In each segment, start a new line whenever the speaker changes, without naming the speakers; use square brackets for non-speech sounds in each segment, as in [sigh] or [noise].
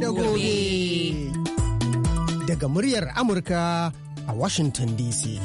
da gobe. Daga muryar Amurka a Washington DC.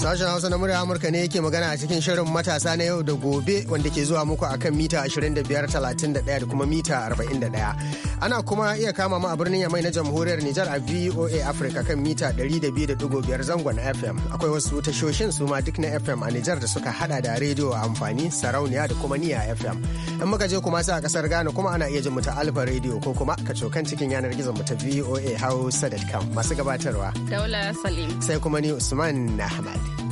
Sashen Hausa na murya Amurka ne yake magana a cikin shirin matasa na yau da gobe wanda ke zuwa muku akan mita 25, 31 da kuma mita 41. Ana kuma iya kama mu a birnin Yamai na Jamhuriyar Nijar a VOA Africa kan mita 200.5 zangon FM. Akwai wasu tashoshin su ma duk na FM a Nijar da suka hada da rediyo a amfani, sarauniya da kuma niya FM. In muka je kuma sai a kasar Ghana kuma ana iya jin mu ta Alfa rediyo ko kuma ka cokan cikin yanar gizo mu ta VOA Hausa.com masu gabatarwa.
Daula Salim.
Sai kuma ni Usman Ahmad.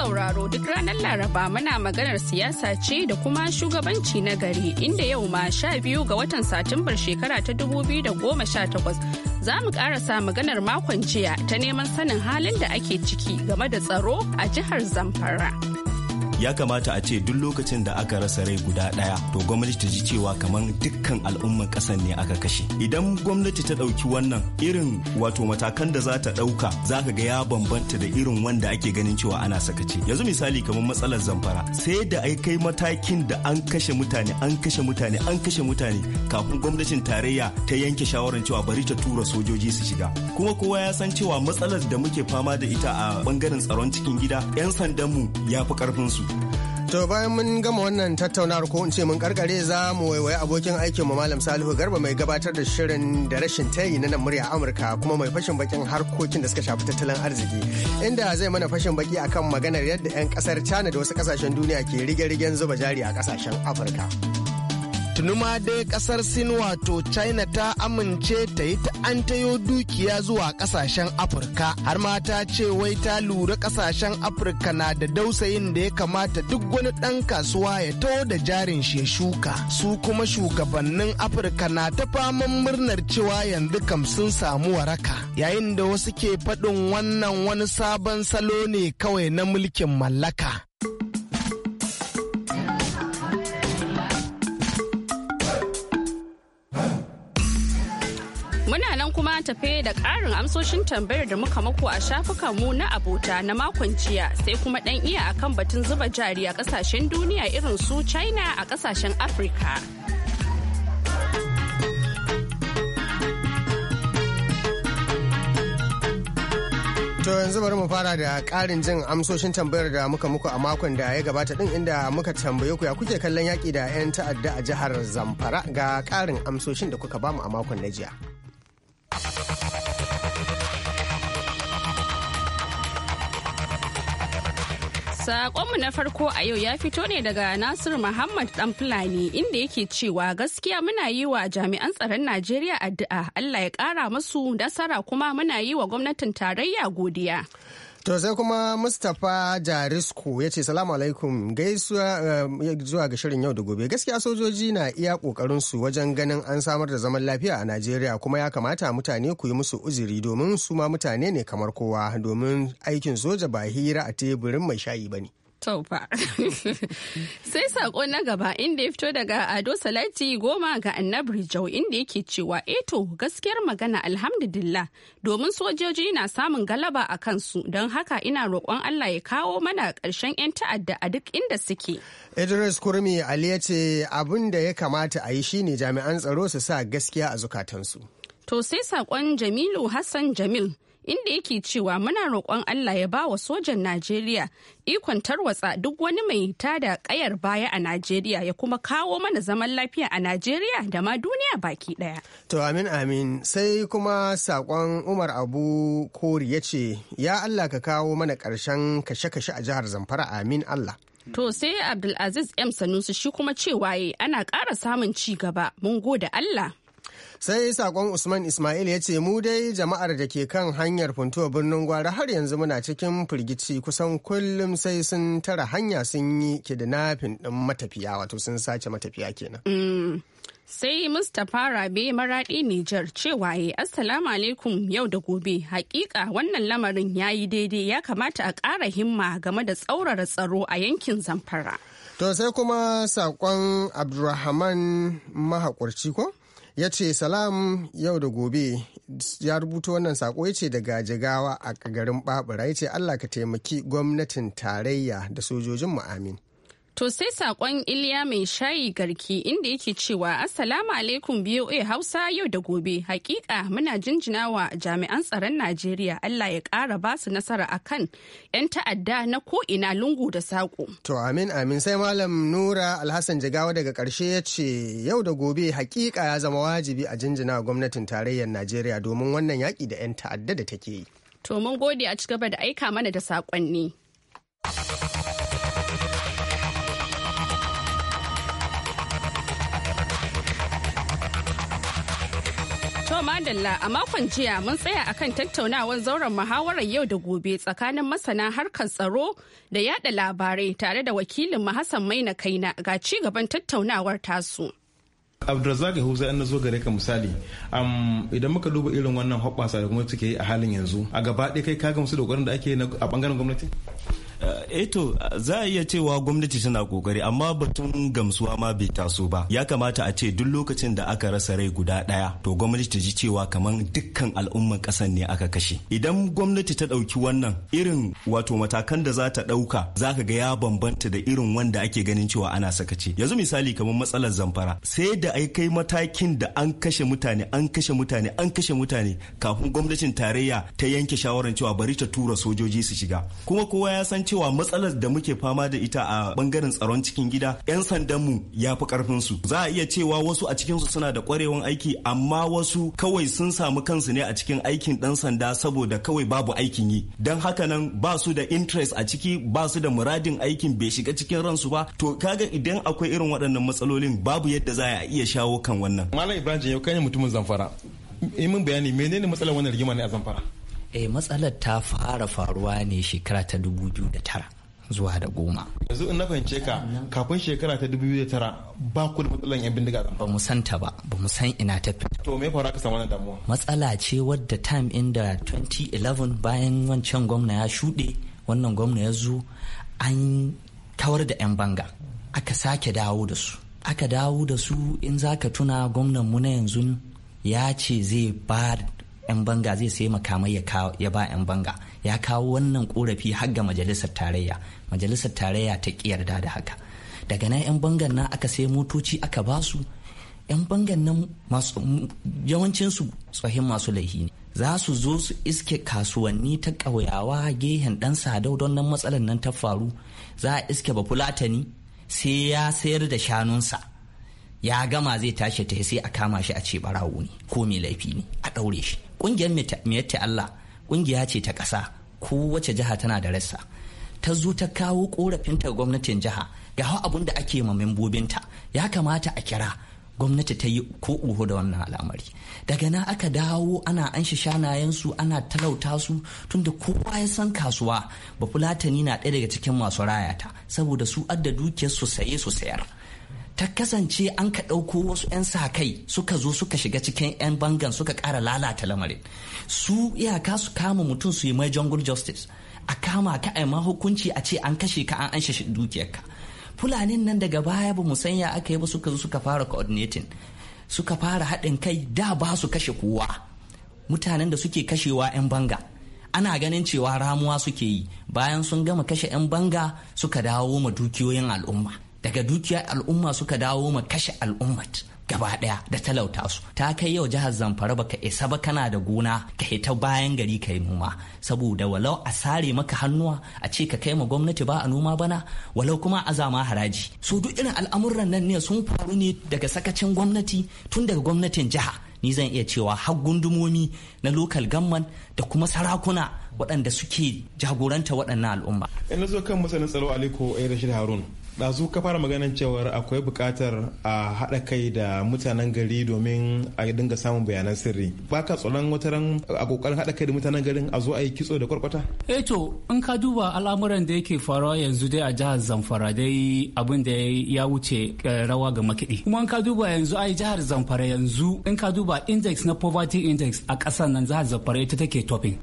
sauraro duk ranar Laraba muna maganar siyasa ce da kuma shugabanci na gari inda yau ma sha biyu ga watan Satumbar shekara ta dubu biyu da goma sha takwas za mu karasa maganar makon jiya ta neman sanin halin da ake ciki game da tsaro a jihar Zamfara.
ya kamata a ce duk lokacin da aka rasa rai guda ɗaya to gwamnati ta ji cewa kamar dukkan al'umman kasan ne aka kashe idan gwamnati ta ɗauki wannan irin wato matakan da za ta ɗauka za ka ga ya bambanta da irin wanda ake ganin cewa ana sakaci yanzu misali kamar matsalar zamfara sai da ai kai matakin da an kashe mutane an kashe mutane an kashe mutane kafin gwamnatin tarayya ta yanke shawarar cewa bari ta tura sojoji su shiga kuma kowa ya san cewa matsalar da muke fama da ita a bangaren tsaron cikin gida 'yan
sandanmu ya fi karfin su To bayan mun gama wannan tattaunawar ko in ce mun karkare za mu waiwaye abokin aikin mu Malam Salihu Garba mai gabatar da shirin da rashin tayi na nan murya Amurka kuma mai fashin bakin harkokin da suka shafi tattalin arziki inda zai mana fashin baki akan maganar yadda 'yan kasar China da wasu kasashen duniya ke rige-rigen zuba jari a kasashen Afirka.
tunuma dai kasar sin wato china ta amince ta yi ta tayo dukiya zuwa kasashen afirka har ma ta ce wai ta lura kasashen afirka na da dausayin da ya kamata duk wani ɗan kasuwa ya taho da jarin shi ya shuka su kuma shugabannin afirka na ta faman murnar cewa yanzu kam sun samu waraka yayin da wasu ke faɗin wannan wani sabon salo ne kawai na mulkin mallaka
kuma tafe da ƙarin amsoshin tambayar da muka mako a mu na abota na makon jiya sai kuma ɗan iya akan batun zuba jari a kasashen duniya irin su China a ƙasashen Afirka.
To yanzu bari mu fara da karin jin amsoshin tambayar da muka muku a makon da ya gabata din inda muka tambaye ku ya kuke kallon yaki da 'yan ta'adda a jihar Zamfara ga ƙarin amsoshin da kuka bamu a makon na jiya.
Sakonmu na farko a yau ya fito ne daga Nasir Muhammad dan Fulani inda yake cewa gaskiya muna yi wa jami'an tsaron Najeriya addu'a Allah ya kara musu nasara kuma muna yi wa gwamnatin tarayya godiya.
To sai kuma Mustapha Jarisko ya ce salamu alaikum gaisuwa eh, zuwa ga shirin yau da gobe gaskiya sojoji na iya kokarin su wajen ganin an samar da zaman lafiya a Najeriya kuma ya kamata mutane ku yi musu uzuri domin su ma mutane ne kamar kowa domin aikin soja ba hira a teburin mai shayi bane.
Taufa. [laughs] Sai saƙo na gaba inda ya fito daga Ado Salati goma ga annabi Jau inda yake cewa eto eh gaskiyar magana alhamdulillah domin sojoji na samun galaba a kansu don haka ina roƙon Allah ya kawo mana ƙarshen 'yan ta'adda a duk inda suke.
Idris Kurmi Ali ya ce abin da ya kamata a yi shine jami'an tsaro su sa gaskiya a zukatansu.
To sai saƙon Jamilu Hassan Jamil inda yake cewa muna roƙon Allah ya ba wa sojan Najeriya ikon tarwatsa duk wani mai tada ƙayar baya a Najeriya ya kuma kawo mana zaman lafiya a Najeriya da ma duniya baki ɗaya.
To amin amin sai kuma saƙon Umar Abu Kori ya ce ya Allah ka kawo mana ƙarshen kashe-kashe a jihar Zamfara amin Allah.
To sai Abdulaziz M Sanusi shi kuma cewa ana ƙara samun ci gaba mun gode Allah.
sai sakon usman ismail ya ce mu dai jama'ar da ke kan hanyar funtuwa birnin gwara har yanzu muna cikin firgici kusan kullum sai sun tara hanya sun yi kidnapping din matafiya wato sun sace matafiya kenan mm.
sai mustapha rabe maraɗi nijar cewa ya assalamu alaikum yau da gobe hakika wannan lamarin ya yi daidai ya kamata a ƙara himma game da tsaurara tsaro a yankin zamfara
to sai kuma saƙon abdurrahman mahaƙurci ko ya ce salam yau da gobe ya rubuta wannan sako ya ce daga jigawa a garin babura ya ce allah ka taimaki gwamnatin tarayya da sojojin mu amin
To sai saƙon Iliya mai shayi garki inda yake cewa Assalamu alaikum BOA Hausa yau da gobe. Hakika muna jinjina wa jami'an tsaron Najeriya Allah ya ƙara ba su nasara kan 'yan ta'adda na ko'ina lungu da saƙo.
To amin amin sai Malam Nura Alhassan Jigawa daga ƙarshe ya ce yau da gobe hakika ya zama wajibi a jinjina gwamnatin tarayyar Najeriya domin wannan yaƙi da 'yan ta'adda da take yi.
To mun gode a ci gaba da aika mana da saƙonni. madalla a makon jiya mun tsaya a kan tattaunawar zauren muhawarar yau da gobe tsakanin masana harkar tsaro da yada labarai tare da wakilin Hassan Maina Kaina ga ci gaban tattaunawar tasu.
abdulrazak yahuza yan nazo gare ka misali idan muka duba irin wannan hoɓɓasa da kuma suke yi a halin yanzu a gaba ɗaya kai ka gamsu da ƙoƙarin da ake a ɓangaren gwamnati
eto eh, eh, za a iya cewa gwamnati tana kokari amma batun gamsuwa ma bai taso ba ya kamata a ce duk lokacin da aka rasa rai guda daya to gwamnati ta ji cewa kamar dukkan al'umman kasan ne aka kashe idan gwamnati ta dauki wannan irin wato matakan da za ta dauka za ka ga ya bambanta da irin wanda ake ganin cewa ana sakaci yanzu misali kamar matsalar zamfara sai da ai kai matakin da an kashe mutane an kashe mutane an kashe mutane kafin gwamnatin tarayya ta yanke shawarar cewa bari ta tura sojoji su shiga kuma kowa ya san cewa matsalar da muke fama da ita a bangaren tsaron cikin gida 'yan sandanmu ya fi karfin su za a iya cewa wasu a cikinsu suna da kwarewan aiki amma wasu kawai sun samu kansu ne a cikin aikin dan sanda saboda kawai babu aikin yi don haka nan ba su da interest a ciki ba su da muradin aikin bai shiga cikin ransu ba to kaga idan akwai irin waɗannan matsalolin babu yadda
za a iya shawo kan wannan malam ibrahim yau kai mutumin zamfara yi min bayani menene matsalar wannan
rigima ne a zamfara eh matsalar ta fara faruwa ne shekara ta 2009 zuwa da goma
yanzu in na fahimce ka kafin shekara ta 2009 ba ku da matsalar yan
bindiga ba mu san ta ba ba mu san ina ta fita
to me faru ka samu wannan damuwa
matsala ce wadda time da 2011 bayan wancan gwamna ya shuɗe wannan gwamna ya zo an kawar da yan banga aka sake dawo da su aka dawo da su in za ka tuna gwamnan mu na yanzu ya ce zai ba 'yan banga zai sai makamai ya ba 'yan banga ya kawo wannan korafi har ga majalisar tarayya majalisar tarayya ta ki yarda da haka daga nan 'yan bangan nan aka sai motoci aka ba su 'yan bangan nan yawancinsu tsohin masu laifi ne za su zo su iske kasuwanni ta ƙauyawa gehen ɗan sadau don nan matsalan nan ta faru za a iske ba fulatani sai ya sayar da shanunsa ya gama zai tashi ta sai a kama shi a ce barawo ne ko mai laifi ne a ɗaure shi kungiyar miyatta Allah kungiya ce ta ƙasa wace jiha tana da rassa ta zo ta kawo korafinta gwamnatin jiha ga abun da ake ma membobinta ya kamata a kira gwamnati ta yi ko uho da wannan al'amari daga na aka dawo ana an shi su ana talauta su tunda kowa ya san kasuwa ba fulatani na ɗaya daga cikin masu rayata saboda su adda dukiyar su saye su sayar ta kasance an ka ɗauko wasu 'yan sa kai suka zo suka shiga cikin 'yan bangan suka ƙara lalata lamarin su iyaka su kama mutum su yi mai jungle justice a kama ka aima hukunci a ce an kashe ka an anshe dukiyarka fulanin nan daga baya ba mu sanya aka yi ba suka zo suka fara coordinating suka fara haɗin kai da ba su kashe kowa mutanen da suke kashewa 'yan banga ana ganin cewa ramuwa suke yi bayan sun gama kashe 'yan banga suka dawo ma dukiyoyin al'umma daga dukiyar al'umma suka dawo ma kashe al'ummat gaba daya da talauta su ta kai yau jihar zamfara baka isa ba kana da gona ka hita bayan gari ka yi noma saboda walau a sare maka hannuwa a ce ka kai ma gwamnati ba a noma bana walau kuma a zama haraji su duk irin al'amuran nan ne sun faru ne daga sakacin gwamnati tun daga gwamnatin jiha ni zan iya cewa har gundumomi na lokal gamman da kuma sarakuna waɗanda suke jagoranta waɗannan al'umma.
Yanzu kan masanin tsaro Aliko Ayyar Rashid Harun. ɗazu ka fara maganin cewar akwai bukatar a haɗa kai da mutanen gari domin a dinga samun bayanan sirri ba ka tsoron wata ran a ƙoƙarin haɗa kai da mutanen garin a zo a yi kitso da kwarkwata
eh to in ka duba al'amuran da yake faruwa yanzu dai a jihar zamfara dai abin da ya wuce eh, rawa ga makiɗi kuma in ka duba yanzu a jihar zamfara yanzu in ka duba index na poverty index a ƙasar nan jihar zamfara ita take topping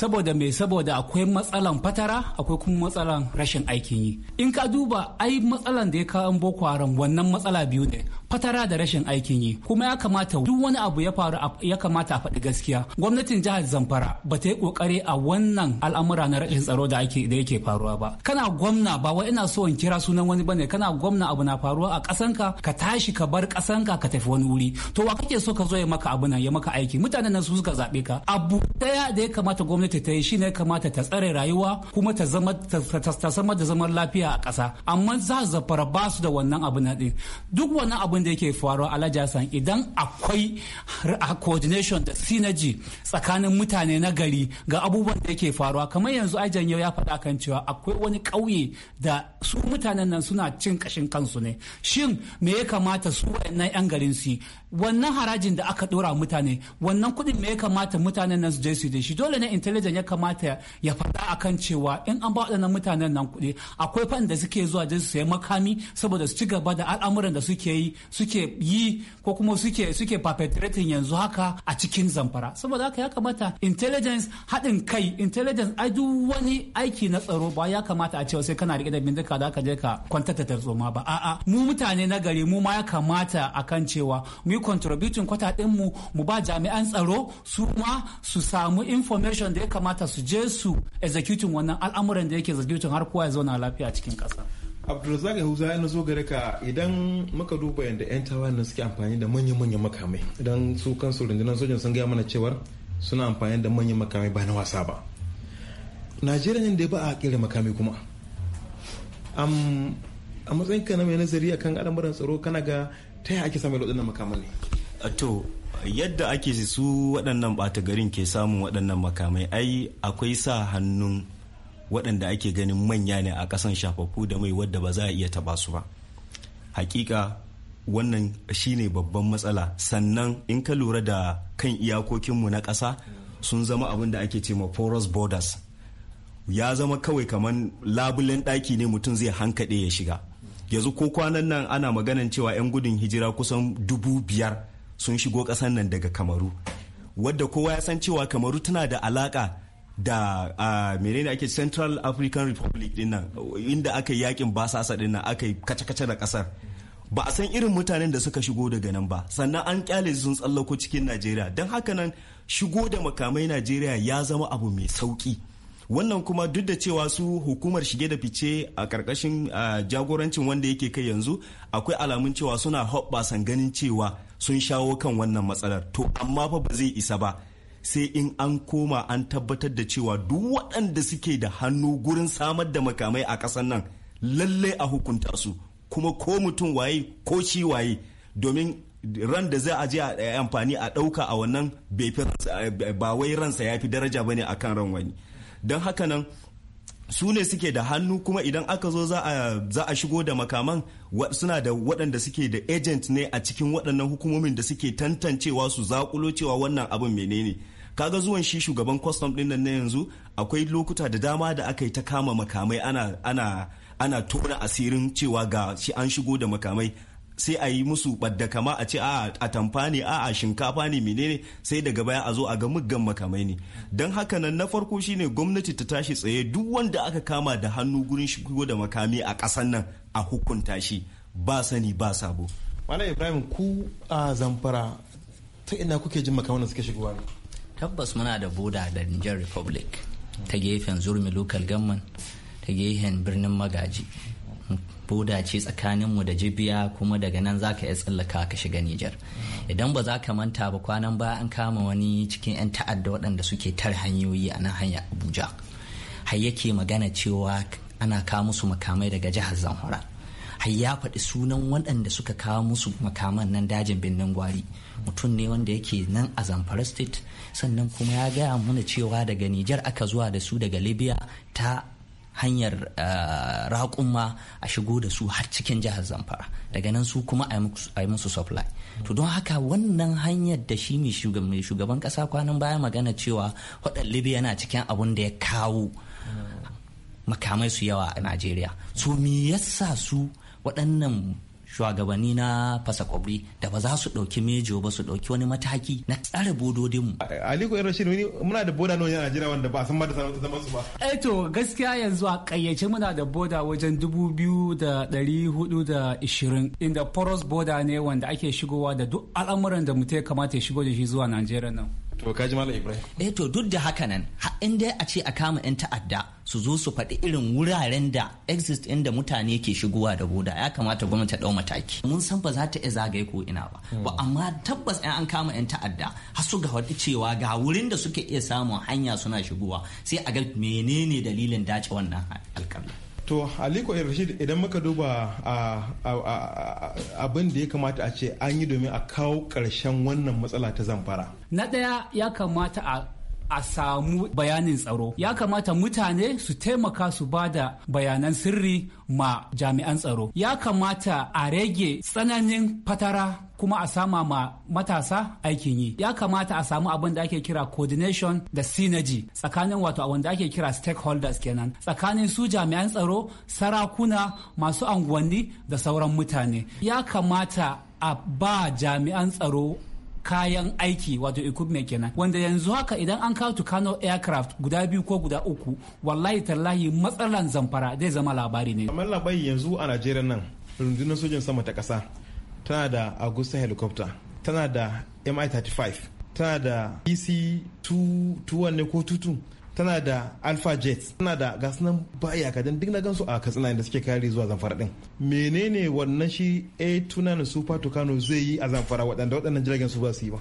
saboda mai saboda akwai matsalan fatara akwai kuma matsalan rashin aikin yi in ka duba ai matsalan da ya kawo boko haram wannan matsala biyu ne fatara da rashin aikin yi kuma ya kamata duk wani abu ya faru ya kamata a faɗi gaskiya gwamnatin jihar zamfara ba ta yi kokari a wannan al'amura na rashin tsaro da ake da yake faruwa ba kana gwamna ba wai ina so in kira sunan wani bane kana gwamna abu na faruwa a ƙasanka ka tashi ka bar ƙasanka ka tafi wani wuri to wa kake so ka zo ya maka abu nan ya maka aiki mutanen nan su suka zaɓe ka abu daya da ya kamata gwamnati gwamnati ta yi shi ne kamata ta tsare rayuwa kuma ta zama ta samar da zaman lafiya a ƙasa amma za zafara ba su da wannan abu na ɗin duk wannan abin da yake faruwa alhaji hassan idan akwai coordination da synergy tsakanin mutane na gari ga abubuwan da yake faruwa kamar yanzu ajan yau ya faɗa kan cewa akwai wani ƙauye da su mutanen nan suna cin ƙashin kansu ne shin me ya kamata su wayannan 'yan garin su wannan harajin da aka dora mutane wannan kuɗin me ya kamata mutanen nan su je su da shi dole ne intelligence ya kamata ya faɗa akan cewa in an ba waɗannan mutanen nan kuɗi akwai fan da suke zuwa je su sayi makami saboda su ci gaba da al'amuran da suke yi suke yi ko kuma suke suke perpetrating yanzu haka a cikin zamfara saboda haka ya kamata intelligence haɗin kai intelligence ai duk wani aiki na tsaro ba ya kamata a cewa sai kana rike da bindika da aka je ka kwantata tarzoma ba a'a mu mutane na gari mu ma ya kamata akan cewa mu yi contributing kwata ɗinmu mu ba jami'an tsaro su ma su samu information da ya kamata su je su executing wannan al'amuran da yake executing har kowa ya zauna lafiya cikin ƙasa.
abdulrazak yahuza ya nazo gare ka idan muka duba yadda 'yan tawayen suke amfani da manya-manyan makamai idan su kansu rundunar sojan sun gaya mana cewar suna amfani da manyan makamai ba na wasa ba najeriya ne da ba a kera makamai kuma a matsayin ka na mai nazari akan al'amuran tsaro kana ga ta yaya ake samun waɗannan makamai to yadda ake su waɗannan ɓata garin ke samun
waɗannan makamai ai akwai sa hannun waɗanda ake ganin manya ne a ƙasan shafafu da mai wadda ba za a iya taɓa su ba hakika wannan shine babban matsala sannan in ka lura da kan iyakokinmu na ƙasa sun zama abin da ake ce ma porous borders ya zama kawai kamar labulen ɗaki ne mutum zai hankaɗe ya shiga yanzu ko kwanan nan ana magana cewa 'yan gudun hijira kusan dubu biyar sun shigo kasan nan daga kamaru wadda kowa ya san cewa kamaru tana da alaka da uh, menene ake central african republic din nan inda aka yi yakin basasa din nan aka yi kace-kace da kasar ba a san irin mutanen da suka shigo daga nan ba sannan an kyale sun tsallako cikin najeriya don haka nan shigo da makamai najeriya ya zama abu mai sauki wannan kuma duk da cewa su hukumar shige da fice a karkashin jagorancin wanda yake kai yanzu akwai alamun cewa suna hoɓɓasan ganin cewa sun shawo kan wannan matsalar to amma fa ba zai isa ba sai in an koma an tabbatar da cewa duk waɗanda suke da hannu gurin samar da makamai a ƙasar nan lallai a hukunta su kuma ko mutum waye ko shi waye domin ran da za a je a amfani a ɗauka a wannan ba wai ransa ya fi daraja bane akan ran wani don haka nan su ne suke da hannu kuma idan aka zo za a shigo da makaman suna da waɗanda suke da agent ne a cikin waɗannan hukumomin da suke tantancewa su zakulo cewa wannan abin menene kaga zuwan shi shugaban kwastam ɗin nan na yanzu akwai lokuta da dama da aka yi ta kama makamai ana ana ana tona asirin cewa ga shi an shigo da makamai sai a yi musu ɓadda kama a ce a tamfa ne a a shinkafa ne menene sai daga baya a zo a ga muggan makamai ne don haka nan na farko shine gwamnati ta tashi tsaye duk wanda aka kama da hannu gurin shigo da makami a ƙasan nan a hukunta shi ba sani ba sabo wala ibrahim
ku a zamfara ta ina kuke jin makamai suke shigowa ne tabbas muna da
boda da niger republic ta gefen zurmi local government ta gefen birnin magaji boda ce tsakaninmu da jibiya kuma daga nan za ka iya tsallaka ka shiga Nijar. Idan ba za ka manta ba kwanan ba an kama wani cikin 'yan ta'adda waɗanda suke tar hanyoyi a nan hanya Abuja. Har yake magana cewa ana kawo musu makamai daga jihar Zamfara. Har ya faɗi sunan waɗanda suka kawo musu makaman nan dajin birnin gwari. Mutum ne wanda yake nan a Zamfara State sannan kuma ya gaya mana cewa daga Nijar aka zuwa da su daga Libya ta hanyar eh, raƙumma a shigo da su har cikin jihar zamfara daga nan su kuma a yi musu supply to don haka wannan hanyar da shi mai shugaban ƙasa kwanan baya magana cewa hudar libya yana cikin abun da ya kawo makamai su yawa a najeriya so me yasa su waɗannan shugabanni na fasa kwabri da ba za su ɗauki mejo ba su ɗauki wani mataki na tsare bododinmu. Aliko Yaro wani muna
da boda nawa a Najeriya wanda ba san ma da zaman su ba.
Eh to gaskiya yanzu a ƙayyace muna da boda wajen dubu biyu da ɗari huɗu da ishirin inda poros boda ne wanda ake
shigowa da duk al'amuran da mutum ya kamata ya shigo da shi zuwa Najeriya nan. To kaji Malam Ibrahim. Eh to duk da haka nan in dai a ce a kama 'yan ta'adda su zo su faɗi irin wuraren da exist inda mutane ke shigowa da boda ya kamata gwamnati ta ɗau mataki. Mun san ba za ta iya zagaye ko ina ba. Hmm. Ba amma tabbas an kama 'yan ta'adda har su ga faɗi cewa ga wurin da suke iya samun hanya suna shigowa sai a ga menene dalilin dace wannan alƙalla. to
aliko rashid idan muka duba abin da ya kamata a ce an yi domin a kawo ƙarshen wannan matsala ta zamfara
na ɗaya ya kamata a a samu bayanin tsaro ya kamata mutane su taimaka su ba da bayanan sirri ma jami'an tsaro ya kamata a rage tsananin fatara kuma a sama ma matasa aikin yi ya kamata a samu abin da ake kira coordination da synergy tsakanin wato wanda ake kira stakeholders kenan tsakanin su jami'an tsaro sarakuna masu anguwanni da sauran mutane ya kamata a ba jami'an tsaro kayan aiki wato equipment kenan wanda yanzu haka idan an kawo tukano aircraft guda biyu ko guda uku wallahi tallahi matsalan zamfara zai zama labari ne kamar labari yanzu a najeriya nan rundunar sojin sama ta kasa tana da agusta
helicopter tana da mi 35 tana da ec 2 ne ko 22 tana da alpha jets tana da gasu nan baya kadan duk na gansu a katsina da suke kare zuwa zamfara din menene wannan shi a tunanin super tucano zai yi a zamfara waɗanda waɗannan jiragen su ba su yi ba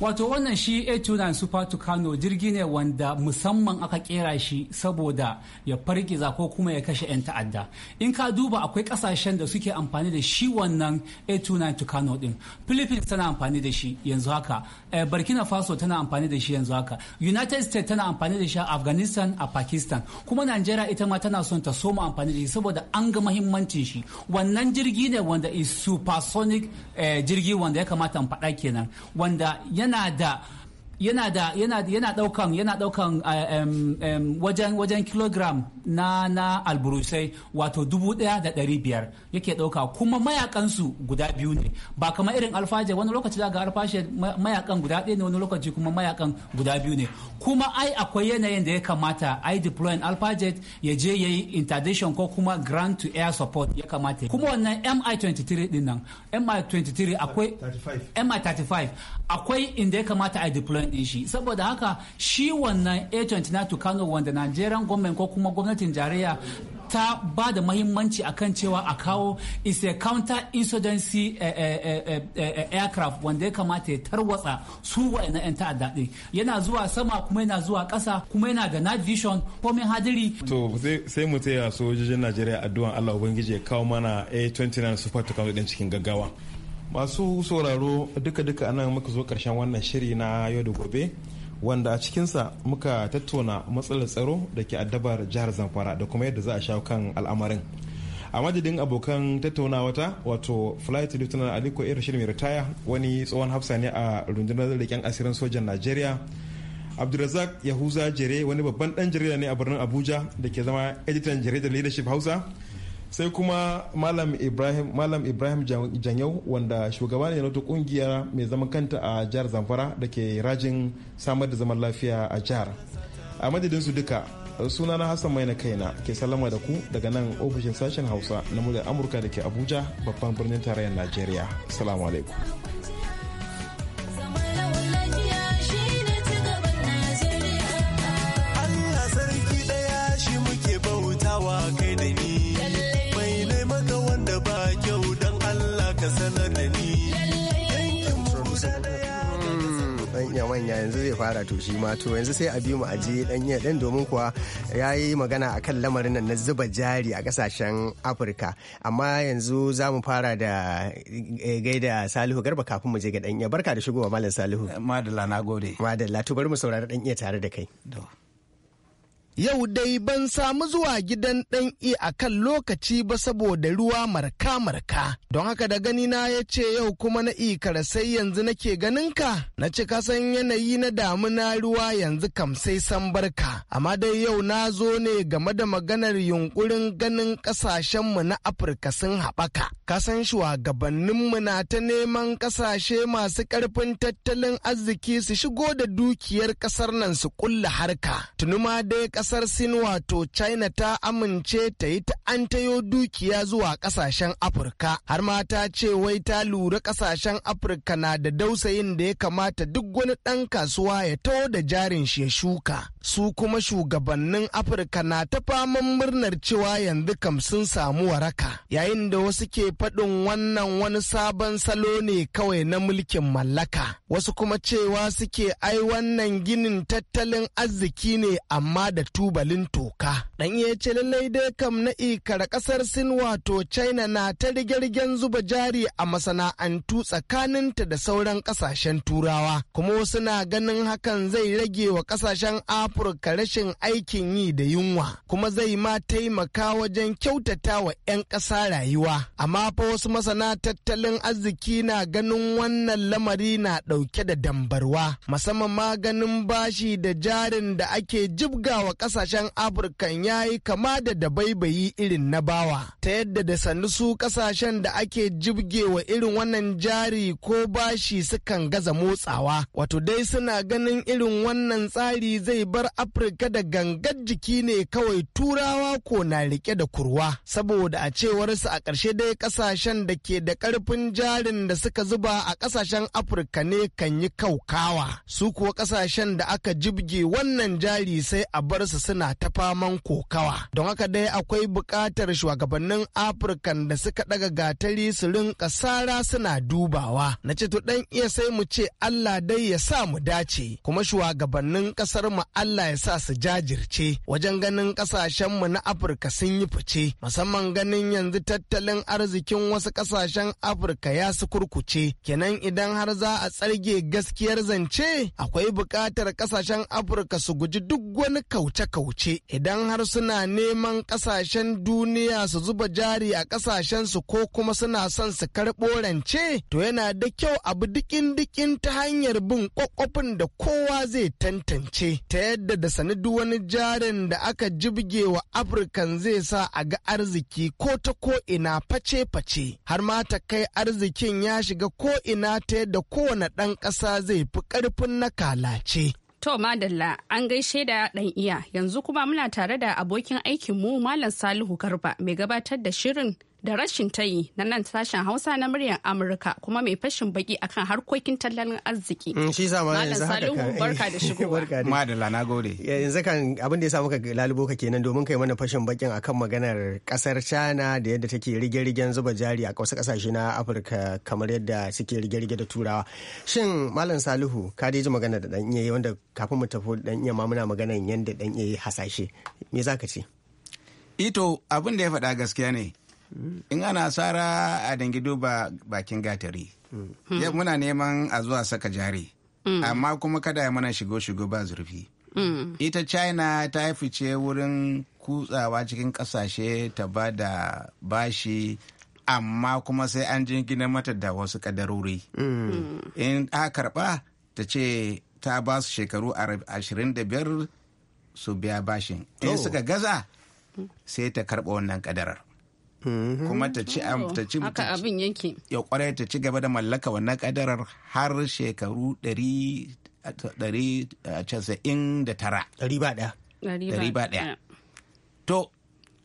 wato wannan shi a super tukano jirgi ne wanda musamman aka kera shi saboda ya fargiza ko kuma ya kashe 'yan ta'adda in ka duba akwai kasashen da suke amfani da shi wannan a tucano din philippines tana amfani da shi yanzu haka eh, burkina faso tana amfani da shi yanzu haka united states tana amfani da shi a afghanistan a pakistan kuma nigeria ita ma tana son ta soma amfani da shi saboda an ga mahimmancin shi wannan jirgi ne wanda is supersonic eh, jirgi wanda ya kamata in faɗa kenan wanda yana da yana da yana yana daukan yana daukan eh, wajen wajen kilogram na na alburusai wato dubu daya da dari biyar yake dauka kuma mayakansu guda biyu ne ba kamar irin alfaje wani lokaci za ga alfashe mayakan guda ɗaya ne wani lokaci kuma mayakan guda biyu ne kuma ai akwai yanayin da ya kamata ai deploying alfaje ya je ya yi interdiction ko kuma grant to air support ya kamata kuma wannan mi-23 din nan mi-23 akwai mi-35 akwai inda ya kamata ai deploy return din shi saboda haka shi wannan agent na tukano wanda nigerian government ko kuma gwamnatin tarayya ta ba da mahimmanci akan cewa a kawo is a counter insurgency eh, eh, eh, aircraft wanda ya kamata ya tarwatsa su wa'annan 'yan ta'adda ɗin yana zuwa sama kuma yana zuwa ƙasa kuma yana da night vision komin hadiri
to sai mu taya sojojin najeriya addu'an allah ubangiji ya kawo mana a29 super tucano din cikin gaggawa masu sauraro duka-duka nan muka zo karshen wannan shiri na yau da gobe wanda a cikinsa muka tattauna matsalar tsaro da ke addabar jihar zamfara da kuma yadda za a shawo kan al'amarin a majidin abokan tattaunawa ta wato flight lieutenant aliko irshid mai ritaya wani tsohon hafsa ne a rundunar leƙen asirin sojan najeriya abdulrazak yahuza jere wani babban dan jarida ne a birnin abuja da ke zama editan jaridar leadership hausa sai kuma malam ibrahim malam ibrahim janyau wanda shugaba ne na wata kungiyar mai zaman kanta a jihar zamfara da ke rajin samar da zaman lafiya a jihar a madadin su duka na hassan mai na kaina ke salama da ku daga nan ofishin sashen hausa na muryar amurka da ke abuja babban birnin tarayyar najeriya salamu alaikum
fara to shi ma to yanzu sai a bi mu aje dan yi dan domin kuwa ya yi magana kan lamarin nan na zuba jari a kasashen Afirka amma yanzu za mu fara da eh, gaida Salihu Garba kafin mu je ga dan barka da shigowa Malam Salihu madalla na gode madalla to bari mu saurari dan iya tare da kai
Yau dai ban samu zuwa gidan ɗan i a kan lokaci ba saboda ruwa marka-marka. Don haka da gani na ya ce yau kuma na i sai yanzu nake ganin ka Na ci kasan yanayi na damuna ruwa yanzu kam sai san barka. Amma dai yau na zo ne game da maganar yunkurin ganin ƙasashenmu na Afirka sun haɓaka. Kasan shugabanninmu na ta neman ƙasashe masu ƙarfin tattalin arziki su shigo da dukiyar ƙasar nan su ƙulla harka. Tunuma dai kasar Sin wato China ta amince ta yi tayo dukiya zuwa kasashen Afirka har ma ta ce wai ta lura kasashen Afirka na da dausayin da ya kamata duk wani ɗan kasuwa ya taho da jarin shi ya shuka. su kuma shugabannin afirka na ta faman murnar cewa yanzu kam sun samu waraka yayin da wasu ke faɗin wannan wani sabon salo ne kawai na mulkin mallaka wasu kuma cewa suke ai wannan ginin tattalin arziki ne amma da tubalin toka dan iya ce lallai dai kam na ikar kasar sin wato china na ta rigirgen zuba jari a masana'antu tsakaninta da sauran kasashen turawa kuma wasu na ganin hakan zai rage wa kasashen afirka afirka rashin aikin yi da yunwa kuma zai ma taimaka wajen kyautata wa 'yan ƙasa rayuwa amma fa wasu masana tattalin arziki na ganin wannan lamari na ɗauke da dambarwa musamman maganin bashi da jarin da ake jibgawa ƙasashen afirka ya yi kama da dabaibayi irin na bawa ta yadda da sannu su ƙasashen da ake jibgewa irin wannan jari ko bashi sukan gaza motsawa wato dai suna ganin irin wannan tsari zai bar kasar afirka da gangar jiki ne kawai turawa ko na rike da kurwa saboda a cewarsu a ƙarshe dai ƙasashen da ke da ƙarfin jarin da suka zuba a ƙasashen afirka ne kan yi kaukawa su kuwa ƙasashen da aka jibge wannan jari sai a bar su suna ta faman kokawa don haka dai akwai buƙatar shugabannin afirka da suka ɗaga gatari su rinka sara suna dubawa na ce to dan iya sai mu ce allah dai ya sa mu dace kuma shugabannin kasar mu Allah ya sa su jajirce wajen ganin kasashenmu na Afirka sun yi fice musamman ganin yanzu tattalin arzikin wasu kasashen Afirka ya su kurkuce kenan idan har za a tsarge gaskiyar zance akwai buƙatar kasashen Afirka su guji duk wani kauce-kauce idan har suna neman kasashen duniya su zuba jari a su ko kuma suna son su karɓo rance to yana da kyau abu dikin-dikin ta hanyar bin kwakwafin da kowa zai tantance ta yadda da sani wani jarin da aka jibge wa afirkan zai sa a ga arziki ko ta ko ina face-face har ma ta kai arzikin ya shiga ko ina ta yadda kowane ɗan ƙasa zai fi ƙarfin na kalace.
To Madalla an gaishe da ɗan iya yanzu kuma muna tare da abokin aikinmu Malam Salihu Garba mai gabatar da shirin da rashin tayi na nan sashen hausa na muryar amurka kuma mai fashin baki akan harkokin tallalin arziki mm, shi sa ma yanzu haka barka da [laughs] shigowa
madalla na gode yanzu kan abin da ya samu ka lalubo ka kenan domin kai mana fashin bakin akan maganar kasar china da yadda take rige-rigen zuba jari a wasu kasashe na afirka kamar yadda suke rige-rige da turawa shin malam salihu ka ji magana da dan iya wanda kafin mu tafi dan iya ma muna maganar yadda dan iya hasashe me zaka ce
ito abin da ya faɗa gaskiya ne in ana asara a dangi duba bakin gatari
hmm.
muna neman a zuwa saka jari hmm. amma kuma kada ya mana shigo-shigo ba zurfi hmm. ita china ta fice wurin kutsawa cikin kasashe ta ba da bashi amma kuma sai an jingina mata da wasu kadarori in a karba ta ce ta ba su shekaru 25 su biya bashin in suka gaza sai ta karba wannan kadarar kuma mm-hmm. ta ci ta ci oh,
abin yanki
ya kwarai ta ci gaba da mallaka wannan kadarar har shekaru 199
ɗari to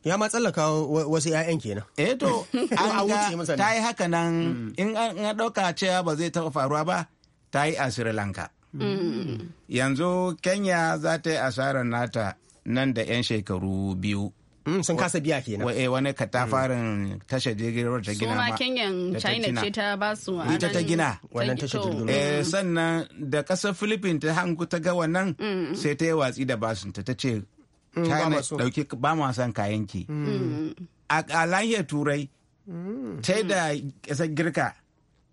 ya ma tsallaka wasu 'ya'yan kenan eh to [laughs] an ga ta yi haka nan mm. in an ɗauka cewa ba zai
taɓa faruwa ba ta yi a sri lanka
mm.
yanzu kenya za ta yi asarar nata nan da 'yan shekaru biyu Mm, sun kasa biya kenan wa eh, wani katafarin tashar jirgin ruwa ta gina ma Kenyan China ce ta
ba su ita ta gina wannan tashar jirgin ruwa eh
sannan da kasar Philippines ta hanku ta ga wannan
mm. sai
ta yi watsi da basinta ta ce mm, China dauki ba ma san kayan ki a lahiyar turai ta yi da kasar Girka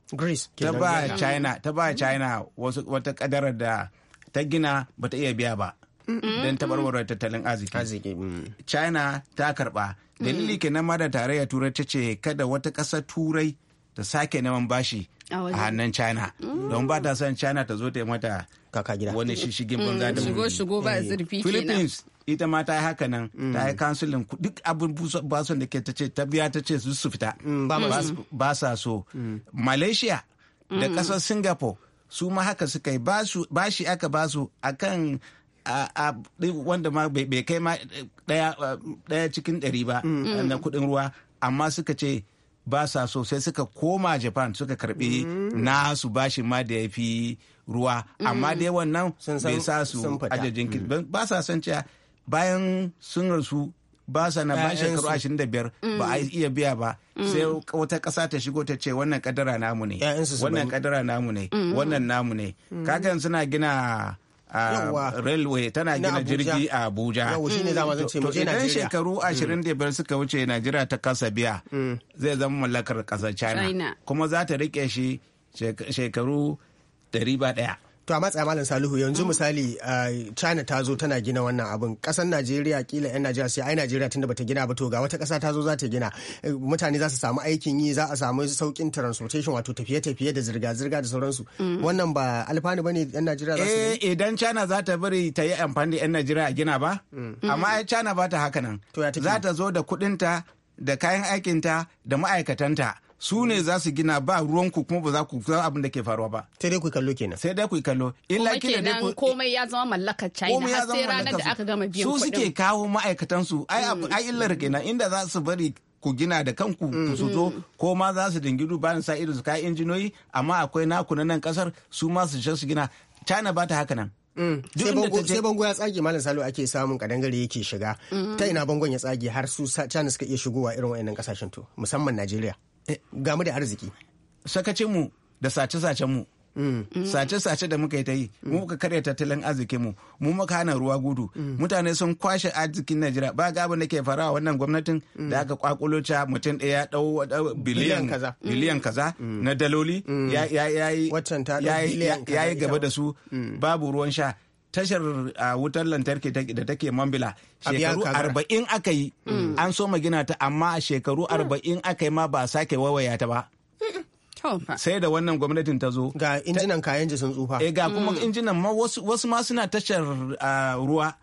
Greece ta ba China ta ba China wasu wata kadarar da ta gina ba ta iya biya ba don tabarbarar tattalin arziki mm. china ta karba dalili mm. kenan ma da tarayyar turai ta ce kada wata ƙasa turai ta sake neman bashi a hannun china mm. don ba ta son china ta zo ta yi mata wani shishigin banza da shigo ba eh. zurfi philippines ita ma ta yi haka nan ta yi kansulin duk abin basun da ke ta ce ta biya ta ce su su fita ba sa so malaysia da kasar singapore su ma haka suka yi bashi aka basu akan wanda ma bai kai ma daya cikin ɗari ba mm. Mm. na kuɗin ruwa amma suka ce ba sa so sai suka koma japan suka karbi mm. su bashin ma da ya fi ruwa amma dai wannan bai sa su ajajin ba sa san cewa bayan sun rasu ba sa na ba shekaru 25 ba a iya biya ba sai wata ƙasa ta shigo ta ce wannan kadara namu ne wannan kadara namu ne wannan namu ne kakan suna gina a railway tana gina jirgi a abuja to idan shekaru mm. ashirin da biyar suka wuce najeriya ta kasa biya mm. zai zama mallakar kasar china kuma za ta rike shi shekaru dari ba daya
to a matsaya malam salihu yanzu mm. misali china ta zo tana gina wannan abin kasar najeriya kila yan najeriya sai ai najeriya tunda bata gina ba to ga wata kasa ta zo za ta gina eh, mutane za su samu aikin yi za a samu saukin transportation wato tafiye-tafiye da zirga-zirga da sauransu mm. wannan ba alfanu bane yan najeriya za su eh
idan china za ta bari ta yi amfani da yan najeriya a gina ba mm. amma mm-hmm. ai china ba ta haka nan za ta zo da kuɗinta, da kayan aikinta da ma'aikatanta su ne za su gina ba ruwanku kuma ba za ku san abin da ke faruwa ba sai dai ku kallo kenan sai dai ku kallo illa kila dai
komai ya zama mallakar China har sai ranar da aka gama biyan kuɗin su suke
kawo ma'aikatan su ai mm. illar kenan inda za su bari ku gina da kanku ku mm. su zo mm. ko ma za su ba bayan sa ido su kai injinoyi amma akwai naku na nan kasar su ma su su gina China ba ta haka
nan sai bango ya tsage malam salo ake samun kadangare yake shiga ta ina bangon ya tsage har su china suka iya shigowa irin wa'annan kasashen to musamman najeriya Eh, gamu da arziki Sakacinmu da sace-sacen
mu mm. mm. sace-sace da muka yi ta yi mu muka karya tattalin arzikin mu mu muka hana ruwa gudu mm. mutane sun kwashe arzikin najeriya ba gaba na da ke farawa wannan gwamnatin da aka kwakulo ca mutum ɗaya ɗau biliyan biliyan kaza na daloli ya yi gaba da su babu ruwan sha tashar wutar lantarki da take mambila shekaru arba'in aka yi mm. an so gina ta amma a shekaru mm. arba'in aka yi ma ba a sake wawaya ta ba sai da wannan gwamnatin ta zo ga injinan kayan sun tsufa e ga kuma mm. injinan ma wasu ma suna tashar ruwa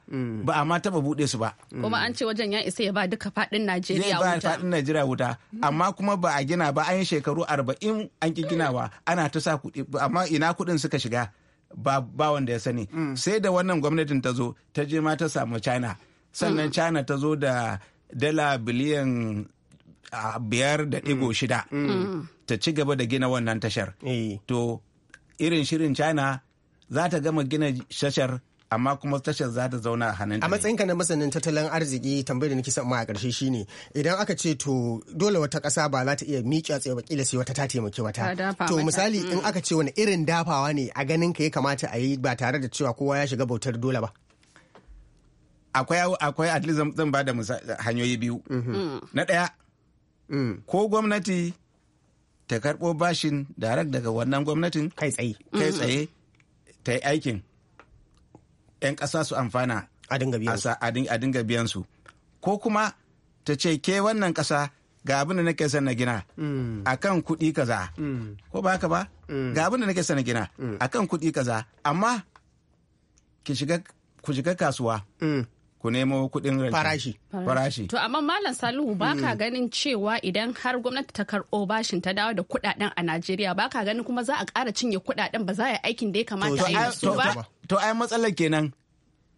ba a ma taba bude su ba kuma
an ce wajen ya isa ya ba duka fadin Najeriya wuta ya ba fadin
Najeriya wuta amma kuma ba a gina ba an yi shekaru 40 an ki ginawa ana ta sa kuɗi amma ina kuɗin suka shiga ba, wanda ya sani mm. sai da wannan gwamnatin ta zo ta je ma ta samu china sannan mm. china ta zo da dala biliyan biyar da ɗigo mm. shida ta ci gaba da gina wannan tashar eh. to
irin shirin china za ta gama gina tashar amma kuma tashar za ta zauna a hannun a matsayinka na masanin tattalin arziki tambayar da nake son ma a ƙarshe shine idan aka ce to dole wata kasa ba za ta iya miƙe tsaye wakila sai wata ta taimake wata to misali in mm. aka ce wani irin dafawa ne a ganin ka ya kamata a yi ba tare da cewa kowa ya shiga bautar dole ba akwai akwai at zan ba da hanyoyi biyu mm-hmm. mm. na ɗaya
mm. ko gwamnati ta karɓo bashin direct daga wannan gwamnatin kai tsaye kai tsaye ta yi aikin 'yan ƙasa su amfana a dinga biyan su ko kuma ta ce ke wannan ƙasa ga abin da nake son na gina mm. a kan kuɗi kaza mm. ko ba haka ba mm. ga abin da nake son na gina a kan kuɗi kaza amma ki shiga ku shiga kasuwa ku nemo kuɗin farashi farashi to
amma malam salihu baka ganin cewa idan har gwamnati ta karɓo bashin ta dawo da kuɗaɗen a Najeriya baka ganin kuma za a ƙara cinye kuɗaɗen ba za a yi aikin da ya kamata a yi su ba
to ai matsalar kenan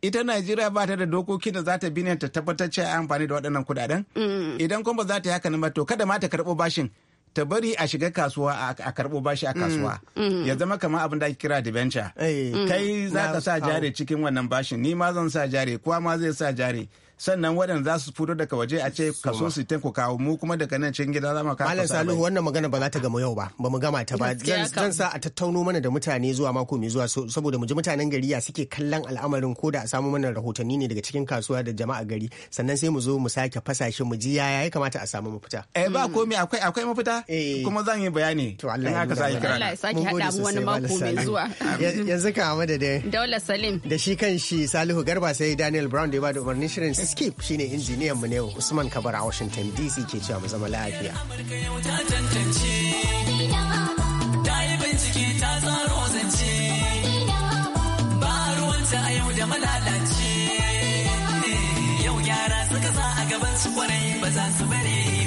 ita Najeriya ba ta da dokokin da za ta bi ne ta tabbatar cewa amfani da waɗannan kuɗaɗen. Mm. Idan kuma za ta yi haka ba to kada ma ta karɓo bashin ta bari a shiga kasuwa a karɓo bashi a mm. kasuwa mm. ya zama kamar abin da ake kira debenture eh. kai za ka sa jari cikin wannan bashin ni ma zan sa jari kowa ma zai sa jari sannan waɗanda za su fito daga waje a ce kaso sittin ku kawo mu kuma daga nan cikin gida za mu kawo malam salihu wannan
magana ba za ta gama yau ba ba mu gama ta ba zan sa a tattauno mana da mutane zuwa mako mai zuwa saboda mu ji mutanen gari ya suke kallon al'amarin ko da a samu mana rahotanni ne daga cikin kasuwa da jama'a gari sannan sai mu zo mu sake fasashe mu ji yaya ya kamata a samu mafita eh ba hmm. komai akwai akwai mafita eh. kuma zan yi bayani to Allah ya sake kira Allah ya sake haɗa mu wani mako mai zuwa [laughs] yanzu ka amma da Daula Salim da shi kan shi Salihu Garba sai Daniel Brown da ya ba da umarnin shirin escape shine injiniyan mu ne usman kabar a washington dc ke cewa mu zama lafiya
ba Yau gyara suka sa a gaban su kwarai ba za su bare ba.